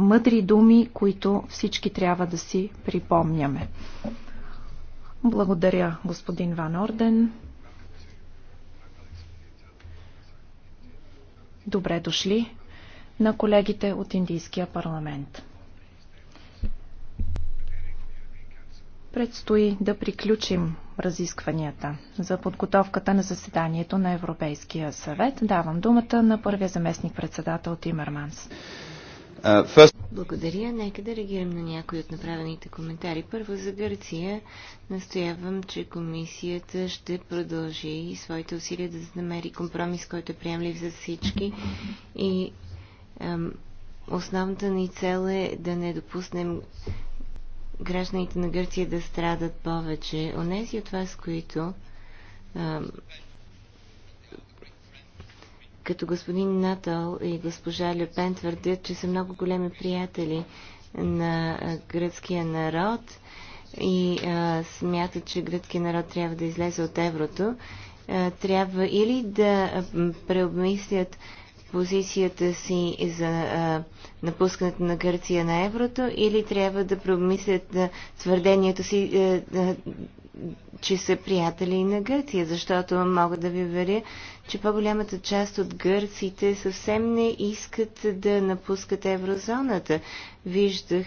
мъдри думи, които всички трябва да си припомняме. Благодаря, господин Ван Орден. Добре дошли на колегите от Индийския парламент. Предстои да приключим разискванията за подготовката на заседанието на Европейския съвет. Давам думата на първия заместник председател Тимерманс. Uh, first... Благодаря. Нека да реагирам на някои от направените коментари. Първо за Гърция. Настоявам, че комисията ще продължи своите усилия да намери компромис, който е приемлив за всички. И основната ни цел е да не допуснем гражданите на Гърция да страдат повече. Онези от вас, които като господин Натал и госпожа Лепен твърдят, че са много големи приятели на гръцкия народ и а, смятат, че гръцкия народ трябва да излезе от еврото, а, трябва или да преобмислят позицията си за а, напускането на Гърция на еврото или трябва да промислят а, твърдението си, а, а, че са приятели на Гърция, защото мога да ви веря, че по-голямата част от гърците съвсем не искат да напускат еврозоната. Виждах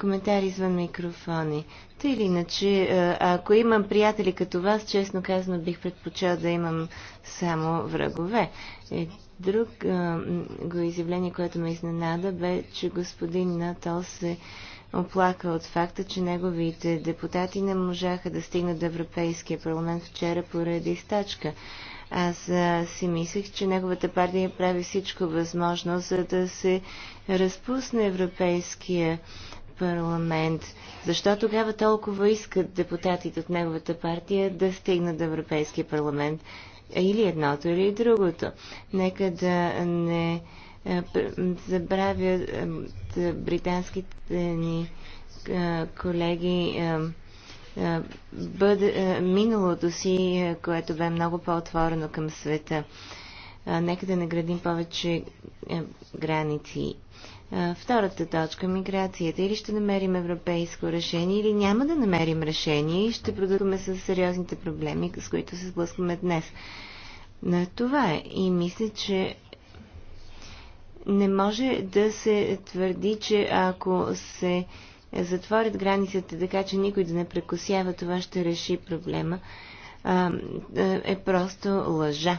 коментари извън микрофони. Та или иначе, е, ако имам приятели като вас, честно казано, бих предпочел да имам само врагове. И друг е, го изявление, което ме изненада, бе, че господин Натал се оплака от факта, че неговите депутати не можаха да стигнат до Европейския парламент вчера поради стачка. Аз а, е, си мислех, че неговата партия прави всичко възможно, за да се разпусне Европейския парламент. Защо тогава толкова искат депутатите от неговата партия да стигнат до Европейския парламент? Или едното, или другото. Нека да не е, забравят е, британските ни е, колеги бъде, миналото си, което бе много по-отворено към света нека да наградим повече е, граници. втората точка миграцията. Или ще намерим европейско решение, или няма да намерим решение и ще продължим с сериозните проблеми, с които се сблъскваме днес. На това е. И мисля, че не може да се твърди, че ако се затворят границите така, че никой да не прекосява, това ще реши проблема е просто лъжа.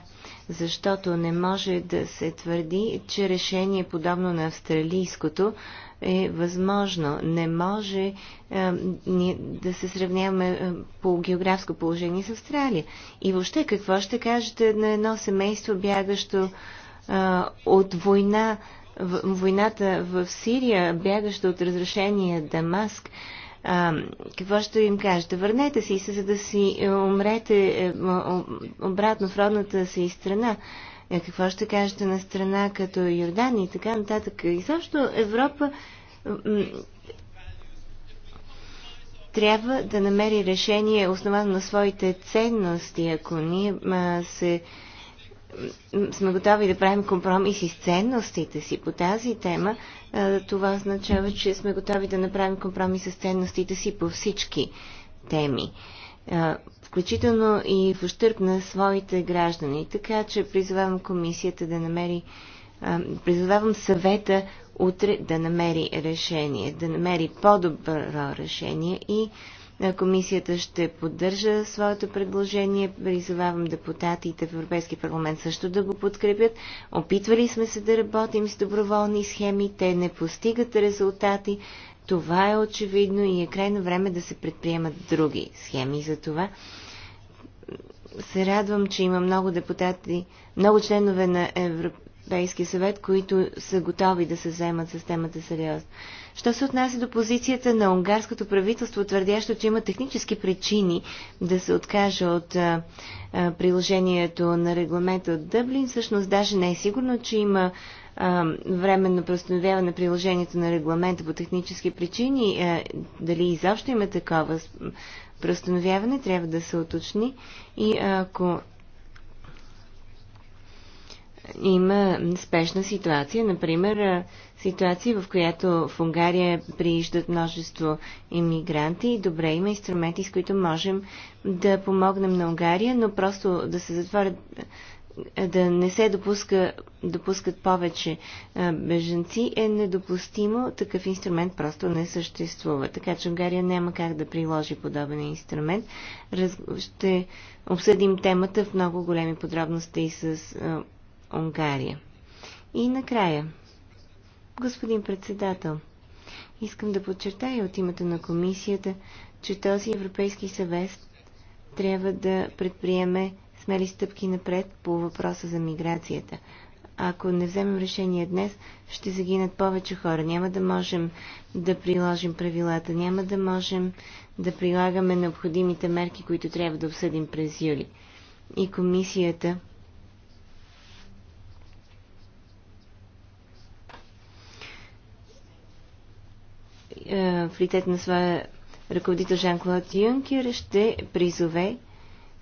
Защото не може да се твърди, че решение подобно на австралийското е възможно. Не може а, да се сравняваме по географско положение с Австралия. И въобще, какво ще кажете на едно семейство, бягащо а, от война, в, войната в Сирия, бягащо от разрешение Дамаск? А, а, какво ще им кажете? Върнете си се, за да си е, умрете е, обратно в родната си страна. Е, какво ще кажете на страна като Йордания и така нататък? И също Европа трябва да намери решение основано на своите ценности, ако ние се сме готови да правим компромиси с ценностите си по тази тема, това означава, че сме готови да направим компромиси с ценностите си по всички теми, включително и в ущърп на своите граждани. Така че призовавам комисията да намери, призовавам съвета утре да намери решение, да намери по-добро решение и е, комисията ще поддържа своето предложение. Призовавам депутатите в Европейския парламент също да го подкрепят. Опитвали сме се да работим с доброволни схеми. Те не постигат резултати. Това е очевидно и е крайно време да се предприемат други схеми за това. Се радвам, че има много депутати, много членове на Европейския Европейския съвет, които са готови да се вземат с темата сериозно. Що се отнася до позицията на унгарското правителство, твърдящо, че има технически причини да се откаже от а, а, приложението на регламента от Дъблин, всъщност даже не е сигурно, че има а, временно преустановяване на приложението на регламента по технически причини. А, дали изобщо има такова преустановяване, трябва да се уточни. И ако има спешна ситуация. Например, ситуация, в която в Унгария прииждат множество иммигранти. Добре, има инструменти, с които можем да помогнем на Унгария, но просто да се затворят да не се допуска, допускат повече беженци е недопустимо. Такъв инструмент просто не съществува. Така че Унгария няма как да приложи подобен инструмент. Ще обсъдим темата в много големи подробности и с Унгария. И накрая, господин председател, искам да подчертая от името на комисията, че този Европейски съвет трябва да предприеме смели стъпки напред по въпроса за миграцията. Ако не вземем решение днес, ще загинат повече хора. Няма да можем да приложим правилата, няма да можем да прилагаме необходимите мерки, които трябва да обсъдим през юли. И комисията в лицето на своя ръководител Жан-Клод Юнкер ще призове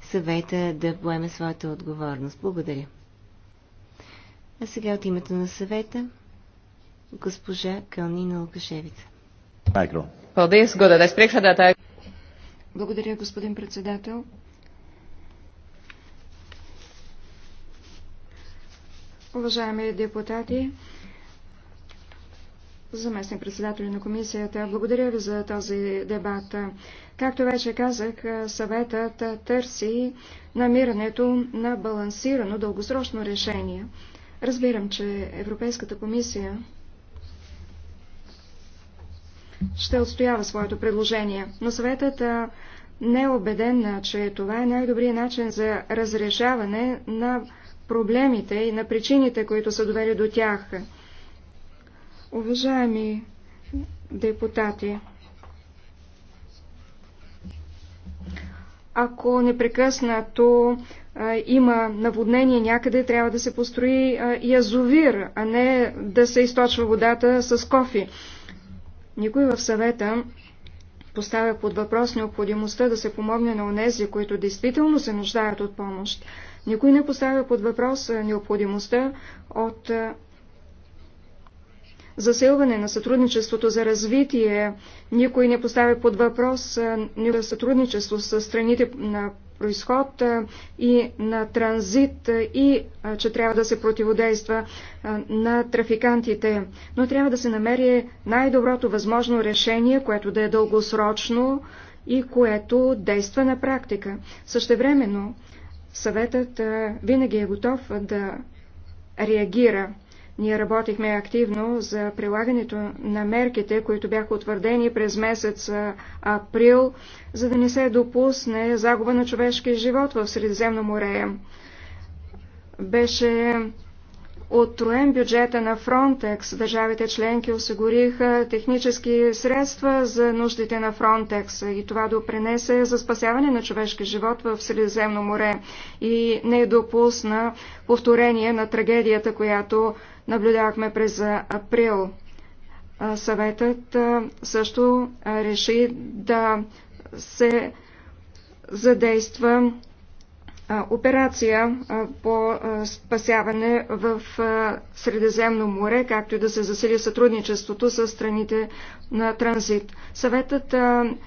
съвета да поеме своята отговорност. Благодаря. А сега от името на съвета госпожа Калнина Лукашевица. Благодаря, господин председател. Уважаеми депутати, заместник председатели на комисията. Благодаря ви за този дебат. Както вече казах, съветът търси намирането на балансирано дългосрочно решение. Разбирам, че Европейската комисия ще отстоява своето предложение, но съветът не е убеден, че това е най-добрият начин за разрешаване на проблемите и на причините, които са довели до тях. Уважаеми депутати, ако непрекъснато а, има наводнение някъде, трябва да се построи а, язовир, а не да се източва водата с кофи. Никой в съвета поставя под въпрос необходимостта да се помогне на онези, които действително се нуждаят от помощ. Никой не поставя под въпрос необходимостта от засилване на сътрудничеството за развитие. Никой не поставя под въпрос никакво сътрудничество с страните на происход и на транзит и че трябва да се противодейства на трафикантите. Но трябва да се намери най-доброто възможно решение, което да е дългосрочно и което действа на практика. Същевременно съветът винаги е готов да реагира. Ние работихме активно за прилагането на мерките, които бяха утвърдени през месец април, за да не се допусне загуба на човешки живот в Средиземно море. Беше отроен бюджета на Фронтекс. Държавите членки осигуриха технически средства за нуждите на Фронтекс и това допринесе за спасяване на човешки живот в Средиземно море и не допусна повторение на трагедията, която наблюдавахме през април. Съветът също реши да се задейства операция по спасяване в Средиземно море, както и да се засили сътрудничеството с страните на транзит. Съветът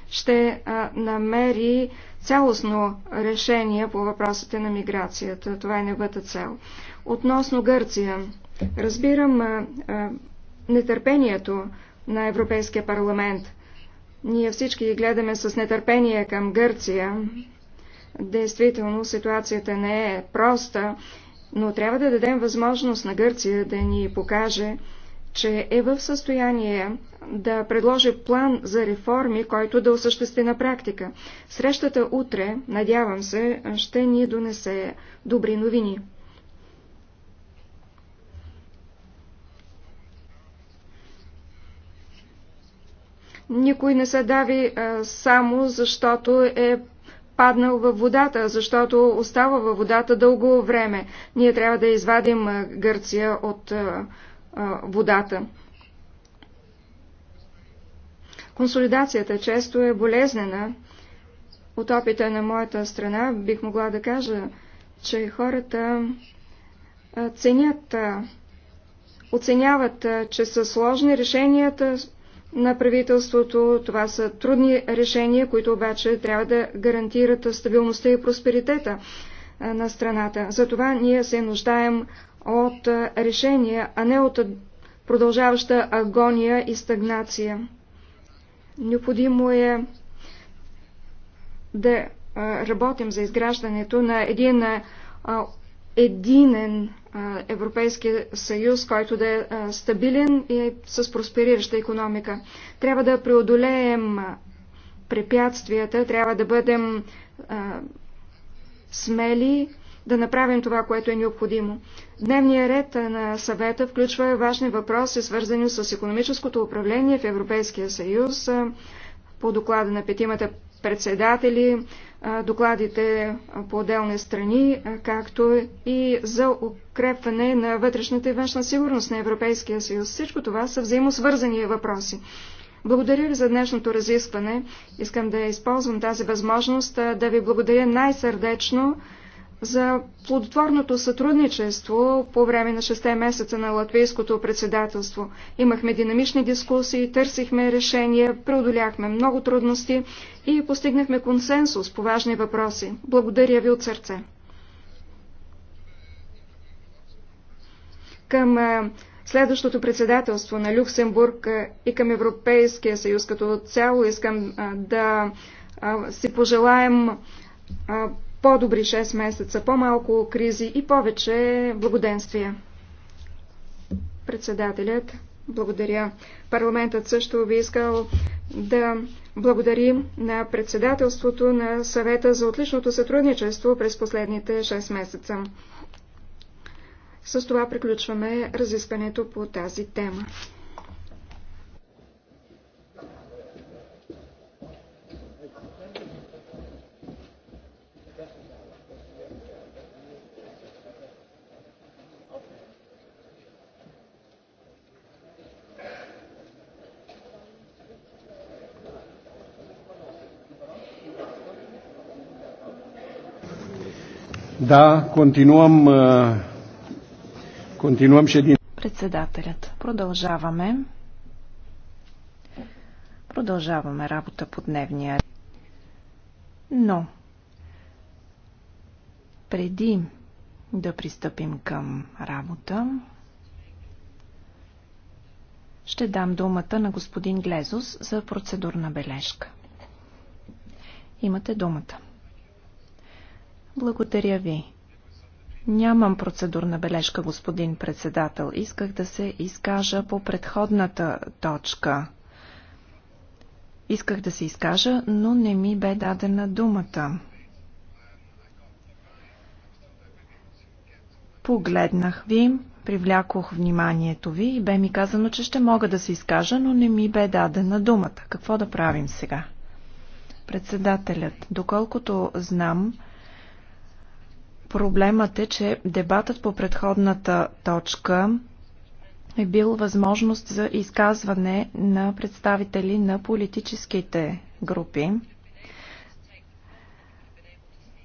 ще намери цялостно решение по въпросите на миграцията. Това е неговата цел. Относно Гърция, разбирам нетърпението на Европейския парламент. Ние всички гледаме с нетърпение към Гърция, Действително, ситуацията не е проста, но трябва да дадем възможност на Гърция да ни покаже, че е в състояние да предложи план за реформи, който да осъществи на практика. Срещата утре, надявам се, ще ни донесе добри новини. Никой не се дави а, само защото е паднал във водата, защото остава във водата дълго време. Ние трябва да извадим Гърция от водата. Консолидацията често е болезнена. От опита на моята страна бих могла да кажа, че хората ценят, оценяват, че са сложни решенията, на правителството. Това са трудни решения, които обаче трябва да гарантират стабилността и просперитета на страната. Затова ние се нуждаем от решения, а не от продължаваща агония и стагнация. Необходимо е да работим за изграждането на един единен Европейски съюз, който да е стабилен и с просперираща економика. Трябва да преодолеем препятствията, трябва да бъдем смели, да направим това, което е необходимо. Дневният ред на съвета включва важни въпроси, свързани с економическото управление в Европейския съюз. По доклада на петимата председатели, докладите по отделни страни, както и за укрепване на вътрешната и външна сигурност на Европейския съюз. Всичко това са взаимосвързани въпроси. Благодаря ви за днешното разискване. Искам да използвам тази възможност да ви благодаря най-сърдечно за плодотворното сътрудничество по време на 6 месеца на латвийското председателство. Имахме динамични дискусии, търсихме решения, преодоляхме много трудности и постигнахме консенсус по важни въпроси. Благодаря ви от сърце. Към следващото председателство на Люксембург и към Европейския съюз като цяло искам да си пожелаем по-добри 6 месеца, по-малко кризи и повече благоденствия. Председателят, благодаря. Парламентът също би искал да благодари на председателството на съвета за отличното сътрудничество през последните 6 месеца. С това приключваме разискването по тази тема. Да, continuăm, uh, continuăm ședința. Председателят. Продължаваме. Продължаваме работа по дневния. Но преди да пристъпим към работа, ще дам думата на господин Глезус за процедурна бележка. Имате думата. Благодаря ви. Нямам процедурна бележка, господин председател. Исках да се изкажа по предходната точка. Исках да се изкажа, но не ми бе дадена думата. Погледнах ви, привлякох вниманието ви и бе ми казано, че ще мога да се изкажа, но не ми бе дадена думата. Какво да правим сега? Председателят, доколкото знам, Проблемът е, че дебатът по предходната точка е бил възможност за изказване на представители на политическите групи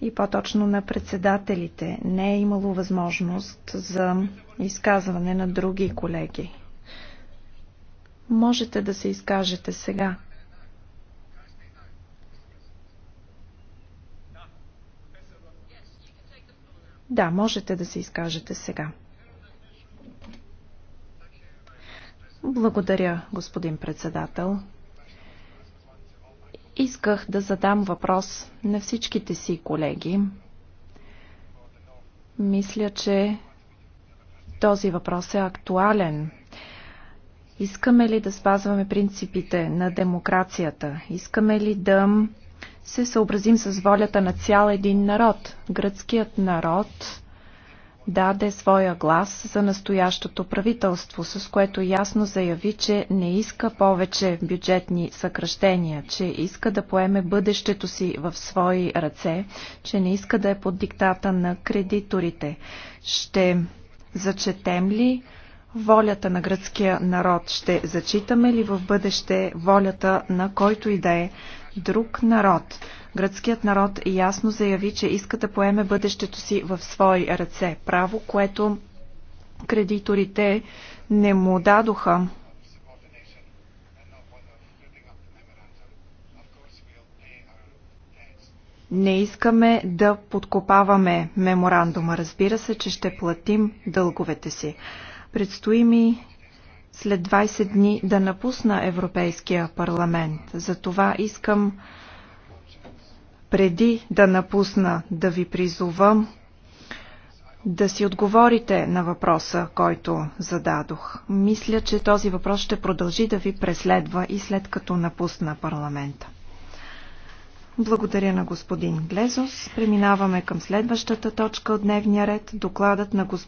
и по-точно на председателите. Не е имало възможност за изказване на други колеги. Можете да се изкажете сега. Да, можете да се изкажете сега. Благодаря, господин председател. Исках да задам въпрос на всичките си колеги. Мисля, че този въпрос е актуален. Искаме ли да спазваме принципите на демокрацията? Искаме ли да се съобразим с волята на цял един народ. Гръцкият народ даде своя глас за настоящото правителство, с което ясно заяви, че не иска повече бюджетни съкръщения, че иска да поеме бъдещето си в свои ръце, че не иска да е под диктата на кредиторите. Ще зачетем ли волята на гръцкия народ? Ще зачитаме ли в бъдеще волята на който и да е друг народ? Гръцкият народ ясно заяви, че иска да поеме бъдещето си в свои ръце. Право, което кредиторите не му дадоха. Не искаме да подкопаваме меморандума. Разбира се, че ще платим дълговете си. Предстои ми след 20 дни да напусна Европейския парламент. Затова искам преди да напусна да ви призовам да си отговорите на въпроса, който зададох. Мисля, че този въпрос ще продължи да ви преследва и след като напусна парламента. Благодаря на господин Глезос. Преминаваме към следващата точка от дневния ред. Докладът на господин